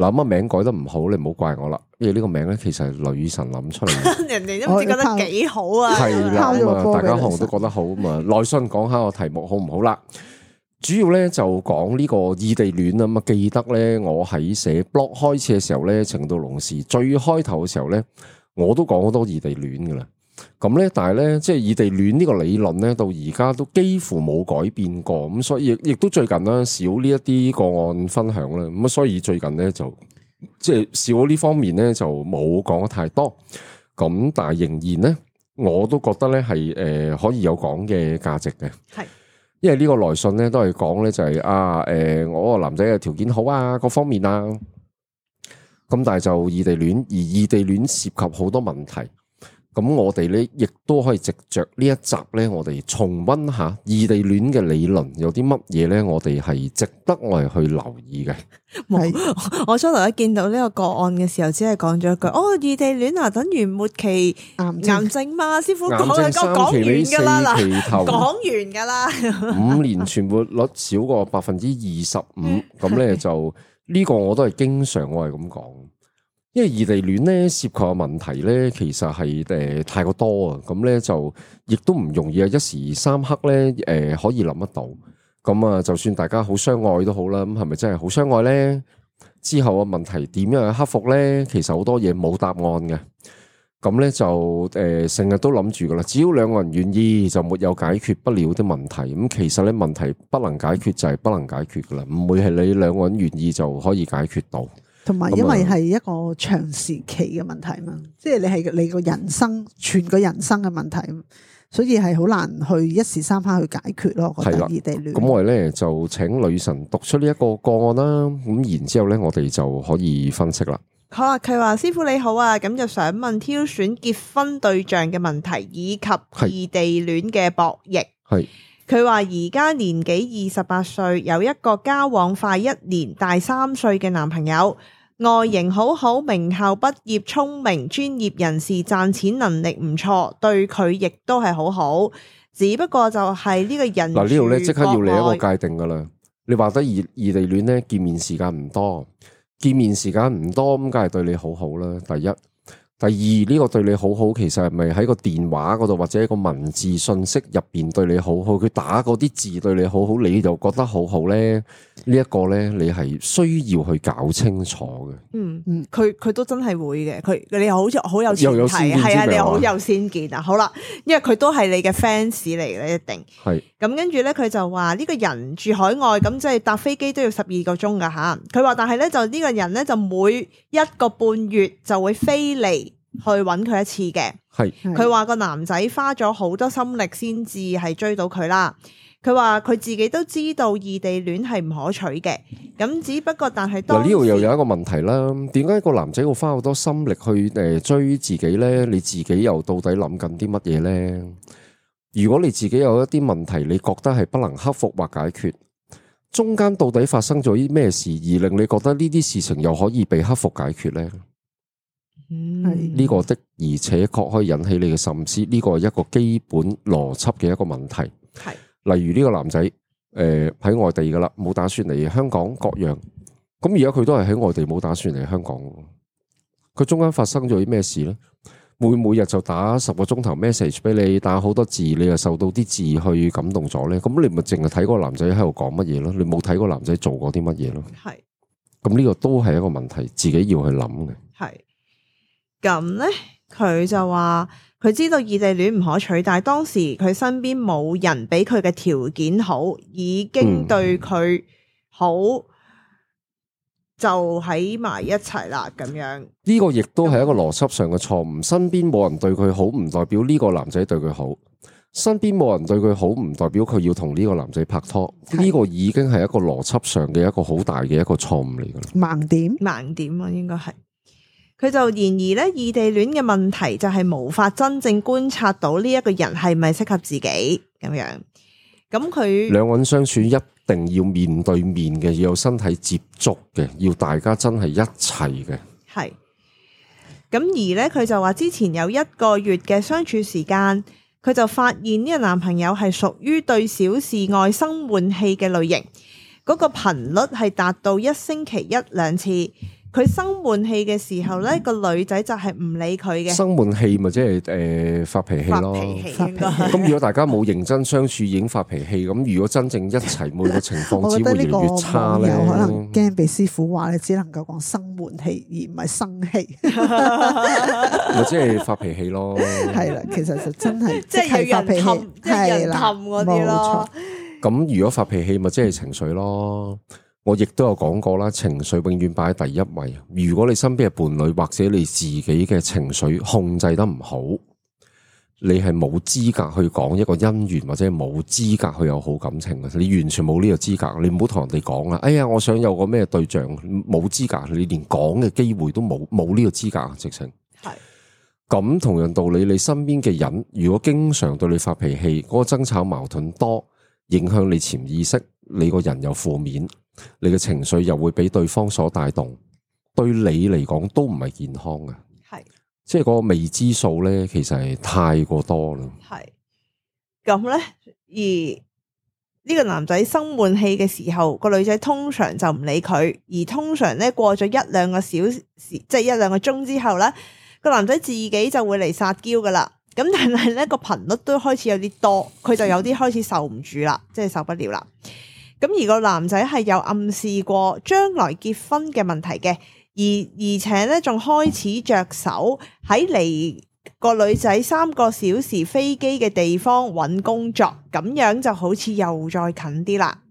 嗱，乜名改得唔好，你唔好怪我啦。因為呢個名咧，其實係女神諗出嚟。 人哋都唔知覺得幾好啊，係啦大家可能都覺得好嘛。耐心講下個題目好唔好啦？主要咧就講呢個異地戀啊。咁記得咧，我喺寫 blog 開始嘅時候咧，情到龍匙，最開頭嘅時候咧，我都講好多異地戀噶啦。咁咧，但係咧，即係異地戀呢個理論咧，到而家都幾乎冇改變過，咁所以亦都最近咧少呢一啲個案分享咧，咁所以最近咧就即係少呢方面咧就冇講得太多，咁但係仍然咧，我都覺得咧係誒可以有講嘅價值嘅，係，因為呢個來信咧都係講咧就係啊，誒，我個男仔嘅條件好啊，各方面啊，咁但係就異地戀，而異地戀涉涉及好多問題。咁我哋咧亦都可以藉着呢一集咧，我哋重温下異地戀嘅理論有啲乜嘢咧？我哋係值得我哋去留意嘅，嗯是的。我初頭一見到呢個個案嘅時候，只係講咗一句：哦，異地戀啊，等於末期癌症嘛，師傅講三期尾四期頭，講完噶啦， 五年存活率少過百分之二十五，咁咧、嗯、就呢、這個我都係經常我係咁講。因為異地戀咧涉及嘅問題咧，其實係誒、呃、太過多啊，咁咧就亦都唔容易啊一時三刻咧誒、呃、可以諗得到，咁啊就算大家好相愛都好啦，咁係咪真係好相愛咧？之後嘅問題點樣去克服咧？其實好多嘢冇答案嘅，咁咧就誒成日都諗住噶啦。只要兩個人願意，就沒有解決不了的問題。咁其實咧問題不能解決就係不能解決噶啦，唔會係你兩個人願意就可以解決到。同埋，因為係一個長時期嘅問題嘛，即係你係你個人生全個人生嘅問題，所以係好難去一時三刻去解決咯。覺得異地戀。係啦，咁我哋咧就請女神讀出呢一個個案啦，咁然之後咧，我哋就可以分析啦。好啦，佢話師傅你好啊，咁就想問挑選結婚對象嘅問題，以及異地戀嘅博弈。係佢話而家年紀二十八歲，有一個交往快一年，大三歲嘅男朋友。外形好好，名校畢業，聰明，專業人士，賺錢能力唔錯，對佢亦都係好好。只不過就係呢個人嗱，呢度咧即刻要嚟一個界定噶啦。你話得異異地戀咧，見面時間唔多，見面時間唔多咁，梗係對你好好啦。第一。第二呢個對你好好，其實係咪喺個電話嗰度或者一個文字信息入邊對你好好？佢打嗰啲字對你好好，你就覺得好好咧？呢一個咧，你係需要去搞清楚嘅、嗯。嗯嗯，佢佢都真係會嘅，佢你又好似好有又有先見係啊，啊你好有先見啊。好啦，因為佢都係你嘅 fans 嚟咧，一定係。咁跟住咧，佢就話呢個人住海外，咁即係搭飛機都要十二個鐘㗎吓。佢話但係咧，就呢個人咧，就每一個半月就會飛嚟。去搵佢一次嘅，係佢話個男仔花咗好多心力先至係追到佢啦。佢話佢自己都知道異地戀係唔可取嘅，咁只不過但係呢度又有一個問題啦。點解個男仔會花好多心力去誒，追自己呢？你自己又到底諗緊啲乜嘢呢？如果你自己有一啲問題，你覺得係不能克服或解決，中間到底發生咗啲咩事，而令你覺得呢啲事情又可以被克服解決呢？嗯，呢個的而且確可以引起你嘅深思。呢個係一個基本邏輯嘅一個問題。係，例如呢個男仔，誒、呃、喺外地噶啦，冇打算嚟香港各樣。咁而家佢都係喺外地，冇打算嚟香港。佢中間發生咗啲咩事咧？每每日就打十個鐘頭 message 俾你，打好多字，你又受到啲字去感動咗咧？咁你咪淨係睇嗰個男仔喺度講乜嘢咯？你冇睇嗰個男仔做過啲乜嘢咯？係。咁呢個都係一個問題，自己要去諗嘅。係。咁咧，佢就話佢知道異地戀唔可取，但係當時佢身邊冇人俾佢嘅條件好，已經對佢好，嗯、就喺埋一齊啦。咁樣呢個亦都係一個邏輯上嘅錯誤。身邊冇人對佢好，唔代表呢個男仔對佢好；身邊冇人對佢好，唔代表佢要同呢個男仔拍拖。呢、這個已經係一個邏輯上嘅一個好大嘅一個錯誤嚟噶啦。的盲點，盲點啊，應該係。佢就然而咧，異地戀嘅問題就係無法真正觀察到呢一個人係咪適合自己咁樣。咁佢兩個人相處一定要面對面嘅，要有身體接觸嘅，要大家真係一齊嘅。係。咁而呢，佢就話之前有一個月嘅相處時間，佢就發現呢個男朋友係屬於對小事愛生悶氣嘅類型，嗰個頻率係達到一星期一兩次。佢生悶氣嘅時候咧，個女仔就係唔理佢嘅。生悶氣咪即係誒發脾氣咯，發脾氣應該。咁如果大家冇認真相處，已經發脾氣，咁 如果真正一齊冇嘅情況之下，越嚟越差咧。可能驚俾師傅話你只能夠講生悶氣而唔係生氣，咪即係發脾氣咯。係啦，其實就真係 即係發脾氣，即係氹嗰啲咯。咁如果發脾氣，咪即係情緒咯。我亦都有講過啦，情緒永遠擺喺第一位。如果你身邊嘅伴侶或者你自己嘅情緒控制得唔好，你係冇資格去講一個姻緣，或者冇資格去有好感情啊！你完全冇呢個資格，你唔好同人哋講啊！哎呀，我想有個咩對象，冇資格，你連講嘅機會都冇，冇呢個資格啊！直情係咁。同樣道理，你身邊嘅人如果經常對你發脾氣，嗰個爭吵矛盾多，影響你潛意識，你個人又負面。你嘅情緒又會俾對方所帶動，對你嚟講都唔係健康嘅，係，是的 即係嗰個未知數咧，其實係太過多啦。係，咁咧，而呢個男仔生悶氣嘅時候，個女仔通常就唔理佢，而通常咧過咗一兩個小時，即係一兩個鐘之後咧，個男仔自己就會嚟撒嬌噶啦。咁但係咧個頻率都開始有啲多，佢就有啲開始受唔住啦， 即係受不了啦。咁而個男仔係有暗示過將來結婚嘅問題嘅，而而且咧仲開始着手喺離個女仔三個小時飛機嘅地方揾工作，咁樣就好似又再近啲啦。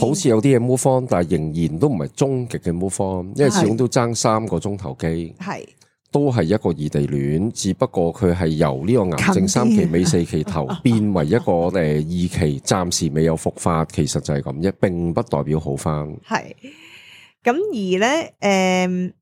好似有啲嘢 move on，但係仍然都唔係終極嘅 move on，因為始終都爭三個鐘頭機。係。都係一個異地戀，只不過佢係由呢個癌症三期尾四期頭變為一個誒二期，暫時未有復發，其實就係咁啫，並不代表好返。係，咁而咧，誒、嗯、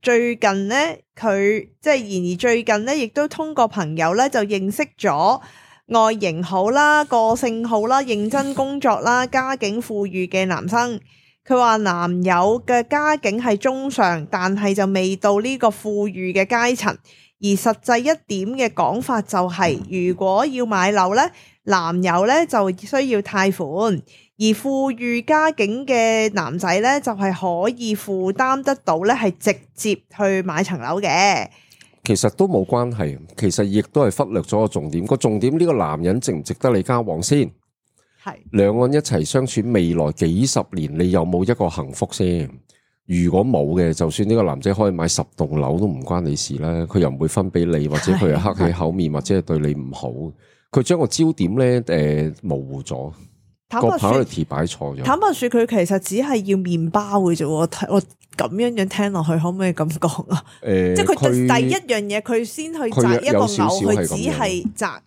最近咧，佢即係然而最近咧，亦都通過朋友咧就認識咗外形好啦、個性好啦、認真工作啦、 家境富裕嘅男生。佢話男友嘅家境係中上，但係就未到呢個富裕嘅階層。而實際一點嘅講法就係、是，如果要買樓呢，男友呢就需要貸款；而富裕家境嘅男仔呢，就係可以負擔得到呢係直接去買層樓嘅。其實都冇關係，其實亦都係忽略咗個重點。個重點呢個男人值唔值得你交往先？係兩岸一齊相處，未來幾十年你有冇一個幸福先？如果冇嘅，就算呢個男仔可以買十棟樓都唔關你事啦。佢又唔會分俾你，或者佢係黑起口面，是或者係對你唔好。佢將個焦點咧誒、呃、模糊咗，個擺錯咗。坦白說，佢其實只係要麵包嘅啫。我我咁樣樣聽落去，可唔可以咁講啊？誒、呃，即係佢第一樣嘢，佢他先去摘一個樓，佢只係摘，誒。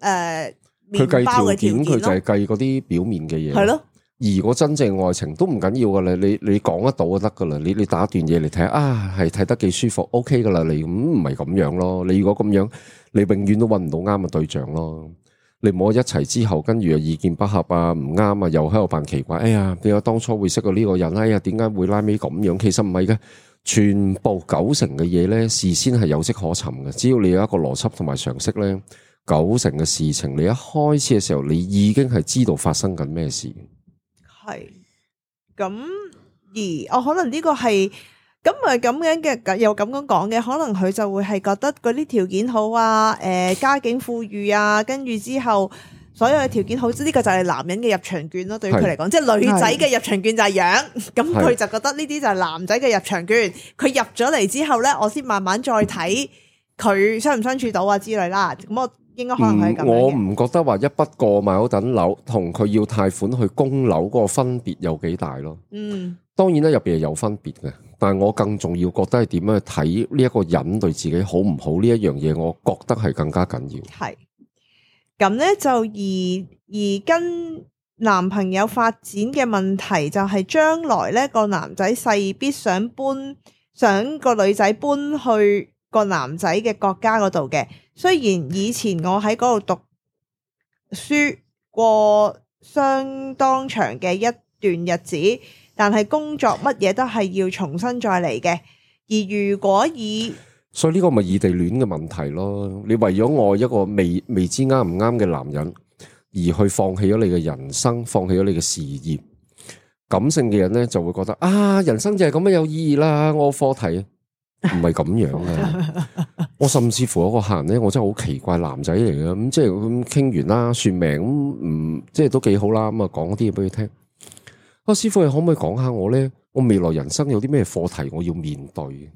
呃佢計條件，佢就係計嗰啲表面嘅嘢。係咯，如果真正愛情都唔緊要噶啦。你你講得到就得噶啦。你你打段嘢嚟睇下，啊，係睇得幾舒服，OK 噶啦。你咁唔係咁樣咯。你如果咁樣，你永遠都搵唔到啱嘅對象咯。你冇一齊之後，跟住又意見不合啊，唔啱啊，又喺度扮奇怪。哎呀，點解當初會識到呢個人？哎呀，點解會拉尾咁樣？其實唔係嘅，全部九成嘅嘢咧，事先係有跡可尋嘅。只要你有一個邏輯同埋常識咧。九成嘅事情，你一開始嘅時候，你已經係知道發生緊咩事。係咁，而我可能呢個係咁咪咁樣嘅，又咁樣講嘅，可能佢就會係覺得嗰啲條件好啊，誒、呃，家境富裕啊，跟住之後所有嘅條件好，呢 個就係男人嘅入場券咯。對於佢嚟講，是即係女仔嘅入場券就係樣，咁佢是就覺得呢啲就係男仔嘅入場券。佢是入咗嚟之後呢，我先慢慢再睇佢相唔相處到啊之類啦。咁我。應該可能係噉。嗯，我唔覺得話一筆過買嗰棟樓，同佢要貸款去供樓嗰個分別有幾大咯。嗯，當然咧，入邊係有分別嘅，但係我更重要覺得係點樣去睇呢一個人對自己好唔好呢一樣嘢，我覺得係更加緊要。係，咁咧就而而跟男朋友發展嘅問題，就係將來咧個男仔勢必想搬，想個女仔搬去個男仔嘅國家嗰度嘅，雖然以前我喺嗰度讀書過相當長嘅一段日子，但係工作乜嘢都係要重新再嚟嘅。而如果以，所以呢個咪異地戀嘅問題咯，你為咗我一個未未知啱唔啱嘅男人，而去放棄咗你嘅人生，放棄咗你嘅事業，感性嘅人呢就會覺得啊，人生就係咁樣有意義啦，我課題。唔係咁樣嘅， 我甚至乎有個客人咧，我真係好奇怪，男仔嚟嘅咁，即係咁傾完啦，算命咁，唔、嗯、即係都幾好啦。咁啊，講啲嘢俾佢聽。啊，師傅，你可唔可以講下我咧？我未來人生有啲咩課題我要面對？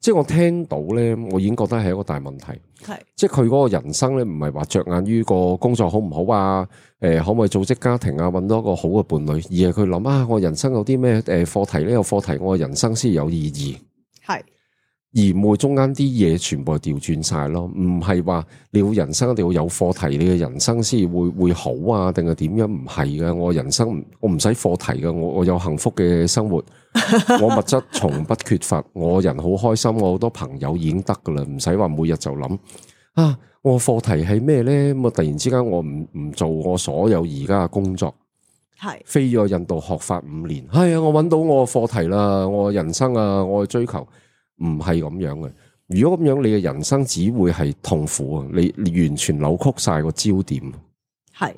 即係我聽到咧，我已經覺得係一個大問題。係是，即係佢嗰個人生咧，唔係話着眼於個工作好唔好啊？誒，可唔可以組織家庭啊？搵到一個好嘅伴侶，而係佢諗下，我人生有啲咩誒課題咧？個課題，我人生先有意義。係。而唔會中間啲嘢，全部調轉晒咯。唔係話你要人生一定要有課題，你嘅人生先會會好啊？定係點樣？唔係嘅，我人生我唔使課題嘅，我我有幸福嘅生活，我物質從不缺乏，我人好開心，我好多朋友已經得噶啦，唔使話每日就諗啊，我課題係咩咧？咁啊，突然之間我唔唔做我所有而家嘅工作，係飛咗印度學法五年，係、哎、啊，我搵到我課題啦，我人生啊，我追求。唔係咁樣嘅，如果咁樣，你嘅人生只會係痛苦啊！你完全扭曲晒個焦點。係，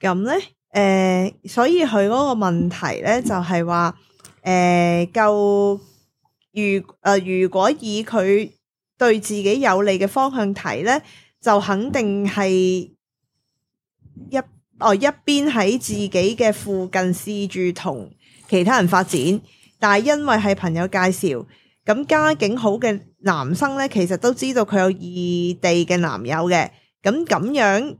咁咧，誒、呃，所以佢嗰個問題咧，就係話，誒，夠，如，誒、呃，如果以佢對自己有利嘅方向睇咧，就肯定係一，哦，一邊喺自己嘅附近試住同其他人發展，但係因為係朋友介紹。咁家境好嘅男生呢，其實都知道佢有異地嘅男友嘅，咁咁樣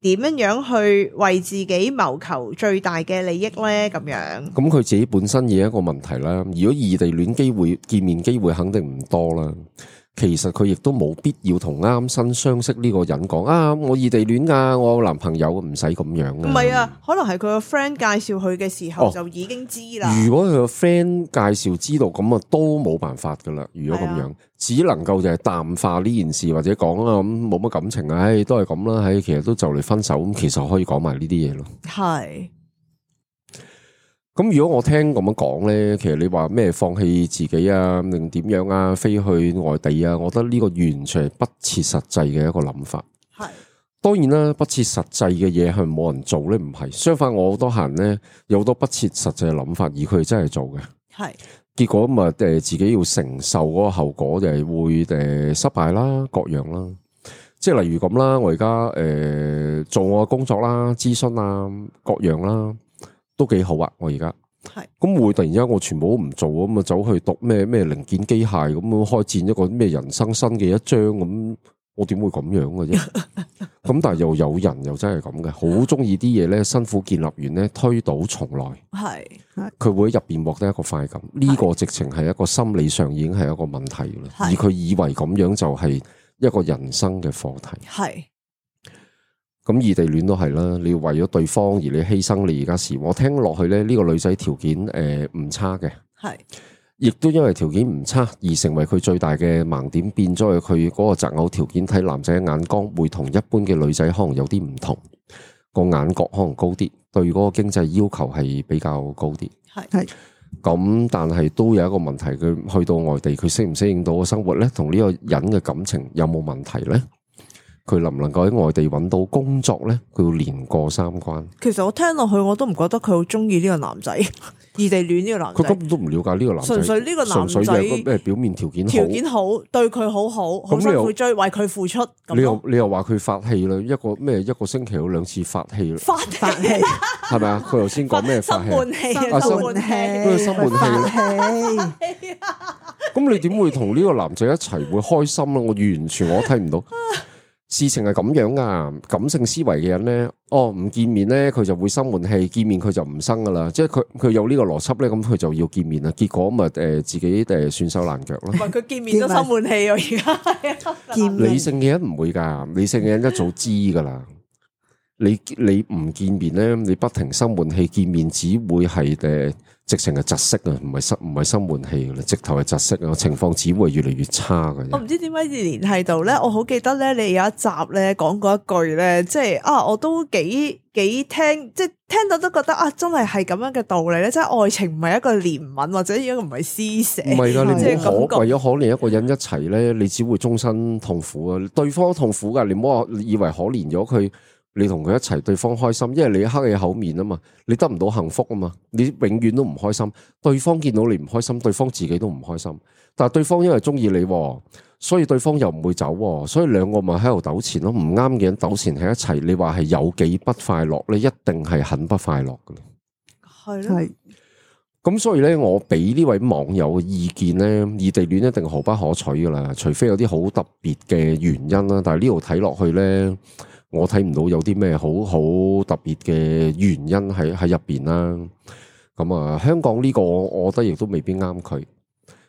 點樣樣去為自己謀求最大嘅利益呢？咁樣咁佢自己本身有一個問題啦。如果異地戀機會見面機會肯定唔多啦。其實佢亦都冇必要同啱新相識呢個人講啊，我異地戀啊，我男朋友唔使咁樣。唔係啊，可能係佢個 friend 介紹佢嘅時候就已經知啦、哦。如果佢個 friend 介紹知道咁啊，都冇辦法噶啦。如果咁樣，是啊、只能夠就係淡化呢件事，或者講啊咁冇乜感情啊，唉、哎，都係咁啦。唉、哎，其實都就嚟分手，咁其實可以講埋呢啲嘢咯。係。咁如果我聽咁樣講咧，其實你話咩放棄自己啊，定點樣啊，飛去外地啊？我覺得呢個完全係不切實際嘅一個諗法。係是當然啦，不切實際嘅嘢係冇人做咧，唔係相反，我好多閒，咧，有好多不切實際嘅諗法，而佢真係做嘅。係是結果咪誒自己要承受嗰個後果，就係會誒失敗啦，各樣啦。即係例如咁啦，我而家誒做我嘅工作啦，諮詢啊各樣啦。都幾好啊！我而家係咁會突然間我全部都唔做咁啊，走去讀咩咩零件機械咁樣，開展一個咩人生新嘅一章咁，我點會咁樣嘅，啊，啫？咁 但係又有人又真係咁嘅，好中意啲嘢咧，辛苦建立完咧，推倒重來係，佢，是會喺入邊獲得一個快感。呢，是個直情係一個心理上已經係一個問題啦。是而佢以為咁樣就係一個人生嘅課題係。是咁異地戀都係啦，你要為咗對方而你犧牲，你而家時，我聽落去咧，呢個女仔條件誒唔差嘅，係，亦都因為條件唔差而成為佢最大嘅盲點，變咗佢佢嗰個擇偶條件睇男仔嘅眼光會同一般嘅女仔可能有啲唔同，個眼角可能高啲，對嗰個經濟要求係比較高啲，係係，咁但係都有一個問題，佢去到外地佢適唔適應到個生活咧？同呢個人嘅感情有冇問題咧？佢能唔能夠喺外地揾到工作咧？佢要年過三關。其實我聽落去，我都唔覺得佢好中意呢個男仔，異地戀呢個男仔，佢根本都唔了解呢個男，純粹呢個男仔純粹咩表面條件條件好，對佢好好，好你又追為佢付出。你又你又話佢發氣啦，一個咩一個星期有兩次發氣啦，發氣係咪啊？佢頭先講咩發氣？心悶氣啊，心悶氣，心悶氣。咁你點會同呢個男仔一齊會開心咧？我完全我睇唔到。事情係咁樣㗎！感性思維嘅人咧，哦，唔見面咧佢就會生悶氣，見面佢就唔生㗎喇。即係佢佢有呢個邏輯咧，咁佢就要見面啦。結果咪誒自己誒損手爛腳咯。唔係佢見面都生悶氣喎，而家 面。理性嘅人唔會㗎，理性嘅人一早知㗎喇。 你你唔見面咧，你不停生悶氣，見面只會係誒，直情係窒息啊，唔係生唔係生悶氣，直頭係窒息啊，情況只會越嚟越差嘅。我唔知點解連繫到咧，我好記得咧，你有一集咧講過一句咧，即係啊，我都幾幾聽，即係聽到都覺得啊，真係係咁樣嘅道理咧，即係愛情唔係一個憐憫或者一個唔係施捨，唔係噶，你為咗可憐一個人一齊咧，你只會終身痛苦啊，對方痛苦噶，你唔好以為可憐咗佢。你同佢一齊，對方開心，因為你黑嘅口面啊嘛，你得唔到幸福啊嘛，你永遠都唔開心。對方見到你唔開心，對方自己都唔開心。但係對方因為中意你，所以對方又唔會走，所以兩個咪喺度糾纏咯。唔啱嘅人糾纏喺一齊，你話係有幾不快樂？你一定係很不快樂嘅。係咁所以呢，我俾呢位網友嘅意見呢，異地戀一定毫不可取噶啦，除非有啲好特別嘅原因啦。但係呢度睇落去呢。我睇唔到有啲咩好好特別嘅原因喺喺入邊啦。咁啊，香港呢個我我覺得亦都未必啱佢，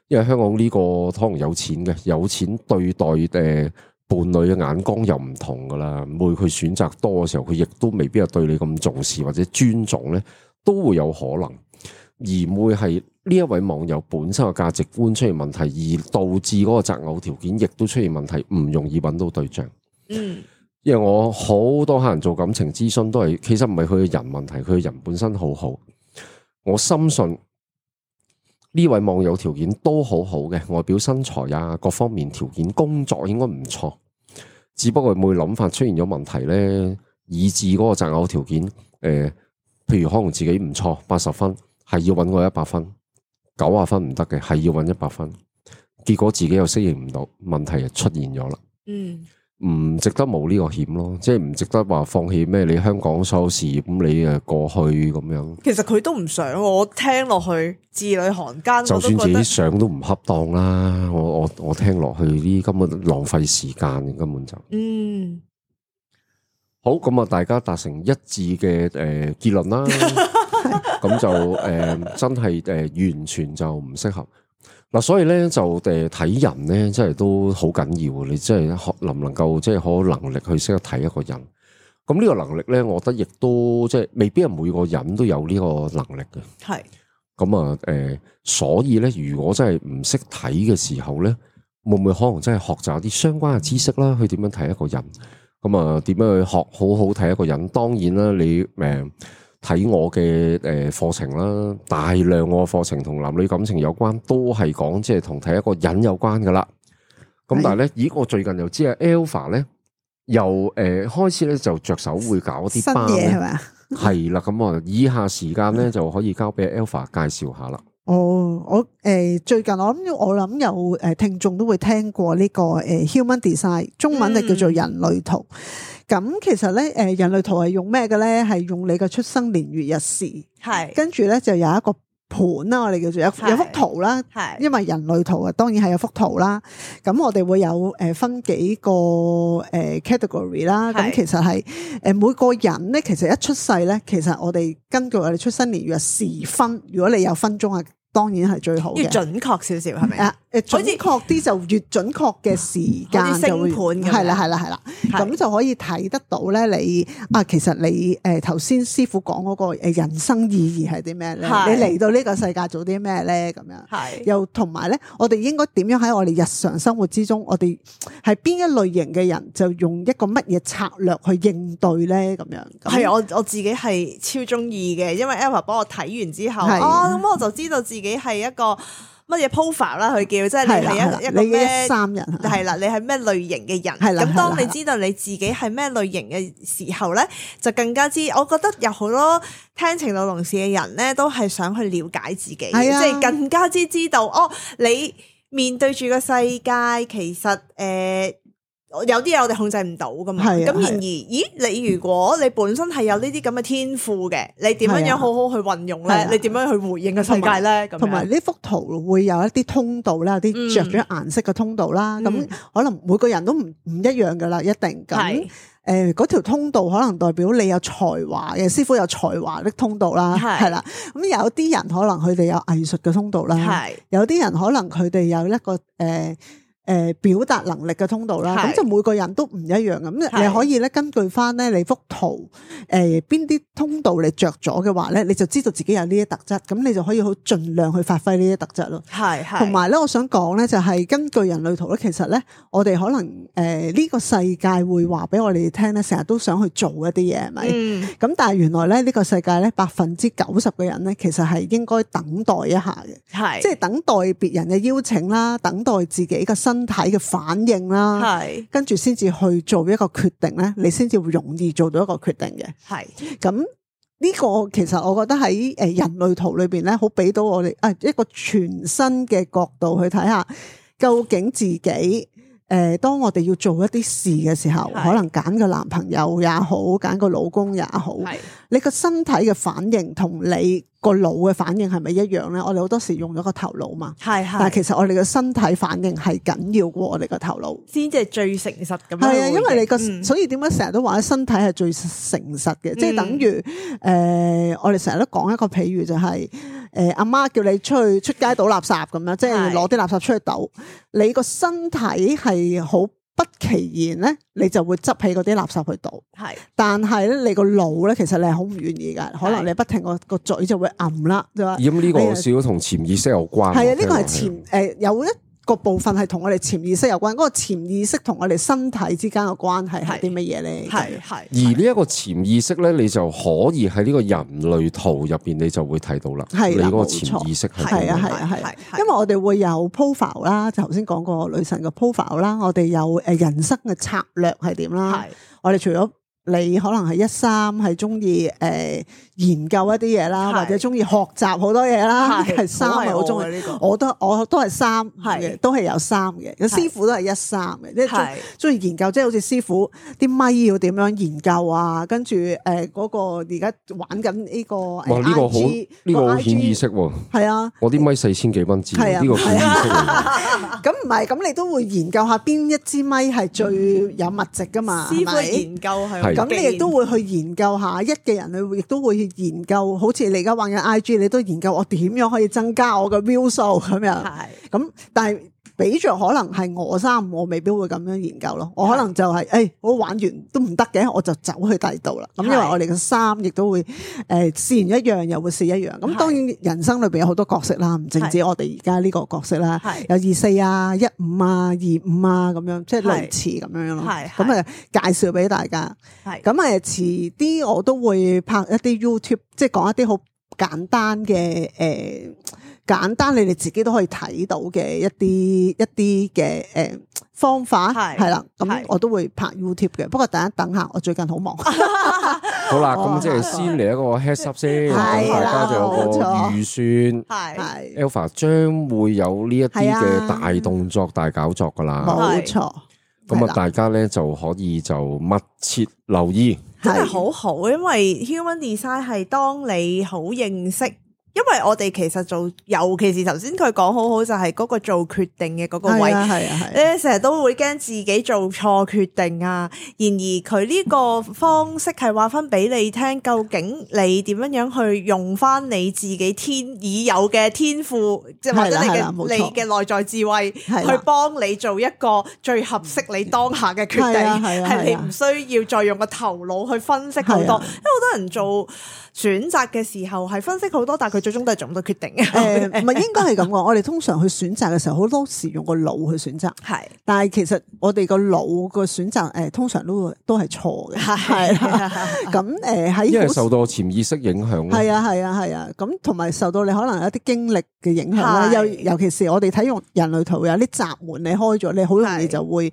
因為香港呢個可能有錢嘅，有錢對待誒、呃、伴侶嘅眼光又唔同噶啦。會佢選擇多嘅時候，佢亦都未必係對你咁重視或者尊重呢，都會有可能，而會係呢一位網友本身嘅價值觀出現問題，而導致嗰個擇偶條件亦都出現問題，唔容易揾到對象。嗯。因為我好多客人做感情諮詢都係，其實唔係佢嘅人問題，佢嘅人本身好好。我深信呢位網友條件都好好嘅，外表身材啊，各方面條件，工作應該唔錯。只不過會諗法出現咗問題呢，以致嗰個擇偶條件，誒、呃，譬如可能自己唔錯，八十分係要搵我一百分，九十分唔得嘅，係要搵一百分。結果自己又適應唔到，問題就出現咗啦。嗯。唔值得冒呢個險咯，即係唔值得話放棄咩？你香港所有事業，咁，你嘅過去咁樣。其實佢都唔想，我聽落去字裏行間，就算自己想都唔恰當啦。我我我聽落去呢，根本浪費時間，根本就嗯好。咁啊，大家達成一致嘅誒結論啦。咁 就誒、呃、真係誒完全就唔適合。嗱，所以咧就誒睇人咧，真係都好緊要。你真係學能唔能夠即係好有能力去識得睇一個人。咁呢個能力咧，我覺得亦都即係未必係每個人都有呢個能力嘅。係是。咁啊，誒，所以咧，如果真係唔識睇嘅時候咧，會唔會可能真係學習啲相關嘅知識啦？去點樣睇一個人？咁啊，點樣去學好好睇一個人？當然啦，你，誒、呃。睇我嘅誒課程啦，大量我嘅課程同男女感情有關，都係講即係同睇一個人有關㗎喇。咁但係咧，咦？我最近又知啊，Alpha 咧由誒開始咧就着手會搞啲新嘢係嘛？係啦，咁 啊，我以下時間咧就可以交俾 Alpha 介紹下啦。哦，我誒、欸、最近我諗我諗有誒聽眾都會聽過呢個誒 human design，中文就叫做人類圖。咁、嗯、其實咧誒人類圖係用咩嘅咧？係用你嘅出生年月日時，係跟住咧就有一個盤啦，我哋叫做有有一幅圖啦。係因為人類圖啊，當然係有幅圖啦。咁我哋會有誒分幾個誒 category 啦是。咁其實係誒每個人咧，其實一出世咧，其實我哋根據我哋出生年月日時分，如果你有分鐘啊。當然係最好嘅，越準確少少係咪啊？誒準確啲就越準確嘅時間，好似星盤咁樣係啦，係啦，係啦，咁是就可以睇得到咧。你啊，其實你誒頭先師傅講嗰個人生意義係啲咩咧？是你嚟到呢個世界做啲咩咧？咁樣係是又同埋咧，我哋應該點樣喺我哋日常生活之中，我哋係邊一類型嘅人就用一個乜嘢策略去應對咧？咁樣係我我自己係超中意嘅，因為 Elva 幫我睇完之後，的哦，咁我就知道自。己係一個乜嘢 profile 啦？佢叫即係你一一個咩？係啦，你係咩類型嘅人？係啦。咁當你知道你自己係咩類型嘅時候咧，就更加之。我覺得有好多聽情到龍匙嘅人咧，都係想去了解自己，即係的更加之知道哦。你面對住個世界，其實誒。呃有啲嘢我哋控制唔到噶嘛？咁是、啊、然而，是啊、咦？你如果你本身係有呢啲咁嘅天賦嘅，你點樣樣好好去運用咧？是啊、你點樣去回應個世界咧？咁同埋呢幅圖會有一啲通道啦，嗯、有啲着咗顏色嘅通道啦。咁、嗯、可能每個人都唔唔一樣噶啦，一定咁。誒，嗰條是、啊呃、通道可能代表你有才華嘅，師傅有才華的通道啦。係啦，咁有啲人可能佢哋有藝術嘅通道啦。係、啊啊，有啲人可能佢哋有,、啊、有,有,有,有,有,有,有,有一個誒。啊誒、呃，表達能力嘅通道啦，咁就是每個人都唔一樣咁，是你可以咧根據翻咧你幅圖，誒邊啲通道你着咗嘅話咧，你就知道自己有呢啲特質，咁你就可以好盡量去發揮呢啲特質咯。係是，同埋咧，我想講咧就係、是、根據人類圖咧，其實咧我哋可能誒呢、呃這個世界會話俾我哋聽咧，成日都想去做一啲嘢，係咪？咁、嗯、但係原來咧呢個世界咧百分之九十嘅人咧，其實係應該等待一下嘅，係是，即係等待別人嘅邀請啦，等待自己嘅身。身體嘅反應啦，是跟住先至去做一個決定咧，你先至會容易做到一個決定嘅。係是，咁呢個其實我覺得喺誒人類圖裏邊咧，好俾到我哋啊一個全新嘅角度去睇下，究竟自己。誒，當我哋要做一啲事嘅時候，是的 可能揀個男朋友也好，揀個老公也好，是的 你個身體嘅反應同你個腦嘅反應係咪一樣呢？我哋好多時用咗個頭腦嘛，是的 但係其實我哋嘅身體反應係緊要過我哋個頭腦，先至係最誠實咁。係啊，因為你個、嗯、所以點解成日都話身體係最誠實嘅，嗯、即係等於誒、呃，我哋成日都講一個比喻就係、是。誒，阿媽叫你出去出街倒垃圾咁樣，即係攞啲垃圾出去倒。是的 你個身體係好不其然咧，你就會執起嗰啲垃圾去倒。係，是的 但係咧你個腦咧，其實你係好唔願意㗎。可能你不停個個嘴就會暗啦，就話的。咁呢個少同潛意識有關。係啊的，呢個係潛誒、呃、有咧。個部分係同我哋潛意識有關，嗰個潛意識同我哋身體之間嘅關係係啲乜嘢咧？係係。而呢一個潛意識咧，你就可以喺呢個人類圖入邊，你就會睇到啦。係，你個潛意識係。係啊係啊係。因為我哋會有 profile 啦，就頭先講過女神嘅 profile 啦，我哋有誒人生嘅策略係點啦。係。我哋除咗你可能係一三係中意誒研究一啲嘢啦，或者中意學習好多嘢啦。係三係我好中意呢個，我都我都係三，係都係有三嘅。個師傅都係一三嘅，即係中意研究，即係好似師傅啲咪要點樣研究啊？跟住誒嗰個而家玩緊呢個哇，呢個好呢個顯意識喎。係啊，我啲咪四千幾蚊支，呢個顯意咁唔係，咁你都會研究下邊一支咪係最有物值㗎嘛？師傅研究係。咁你亦都會去研究下，一嘅人你亦都會去研究，好似你而家玩緊 IG，你都研究我點樣可以增加我嘅 view 數咁樣。咁係但係。比着可能係我三，我未必會咁樣研究咯。我可能就係，誒，我玩完都唔得嘅，我就走去第二度啦。咁因為我哋嘅三亦都會，誒，試完一樣又會試一樣。咁當然，人生裏邊有好多角色啦，唔淨止我哋而家呢個角色啦，有二四啊、一五啊、二五啊咁樣，即係類似咁樣咯。係咁啊，介紹俾大家。係咁啊，遲啲我都會拍一啲 YouTube，即係講一啲好簡單嘅誒。簡單，你哋自己都可以睇到嘅一啲一啲嘅誒方法係係啦，咁我都會拍 YouTube 嘅。不過等一等下，我最近好忙。好啦，咁即係先嚟一個 heads up 先，大家就有個預算係。Alpha 將會有呢一啲嘅大動作、大搞作噶啦，冇錯。咁啊，大家咧就可以就密切留意。真係好好，因為 Human Design 係當你好認識。因為我哋其實做，尤其是頭先佢講好好就係嗰個做決定嘅嗰個位，你成日都會驚自己做錯決定啊。然而佢呢個方式係話翻俾你聽，究竟你點樣樣去用翻你自己天已有嘅天賦，即或者你嘅你嘅內在智慧，去幫你做一個最合適你當下嘅決定，係你唔需要再用個頭腦去分析好多。人做選擇嘅時候係分析好多，但係佢最終都係做唔到決定。嗯。誒，唔係應該係咁嘅。我哋通常去選擇嘅時候，好多時用個腦去選擇。係是，但係其實我哋個腦個選擇誒，通常都會都係錯嘅。係咁誒，喺因為受到潛意識影響。係啊，啊，啊，係啊，係啊。咁同埋受到你可能有一啲經歷嘅影響啦。又是尤其是我哋睇用人類圖有啲閘門你開咗，你好容易就會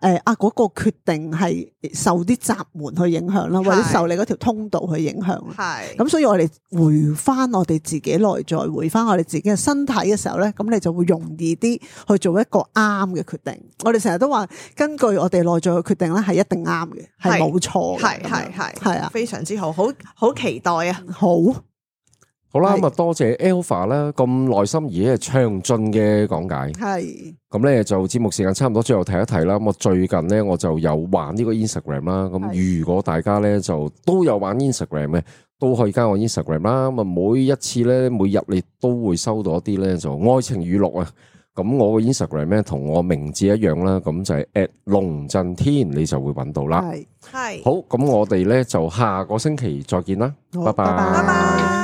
誒啊嗰個決定係受啲閘門去影響啦，或者受你嗰條通道。去影響，係咁，所以我哋回返我哋自己內在，回返我哋自己嘅身體嘅時候咧，咁你就會容易啲去做一個啱嘅決定。我哋成日都話，根據我哋內在嘅決定咧，係一定啱嘅，係冇錯，係系系係啊，非常之好，好好期待啊，好。好啦，咁啊是的 多謝 Alpha 啦，咁耐心而且係詳盡嘅講解。係咁咧，就節目時間差唔多最，最後提一提啦。咁我最近咧，我就有玩呢個 Instagram 啦。咁是的 如果大家咧就都有玩 Instagram 咧，都可以加我 Instagram 啦。咁每一次咧，每日你都會收到一啲咧就愛情語錄啊。咁我嘅 Instagram 咧同我名字一樣啦，咁就係 At 龍震天，你就會揾到啦。係是的 好，咁我哋咧就下個星期再見啦，拜拜。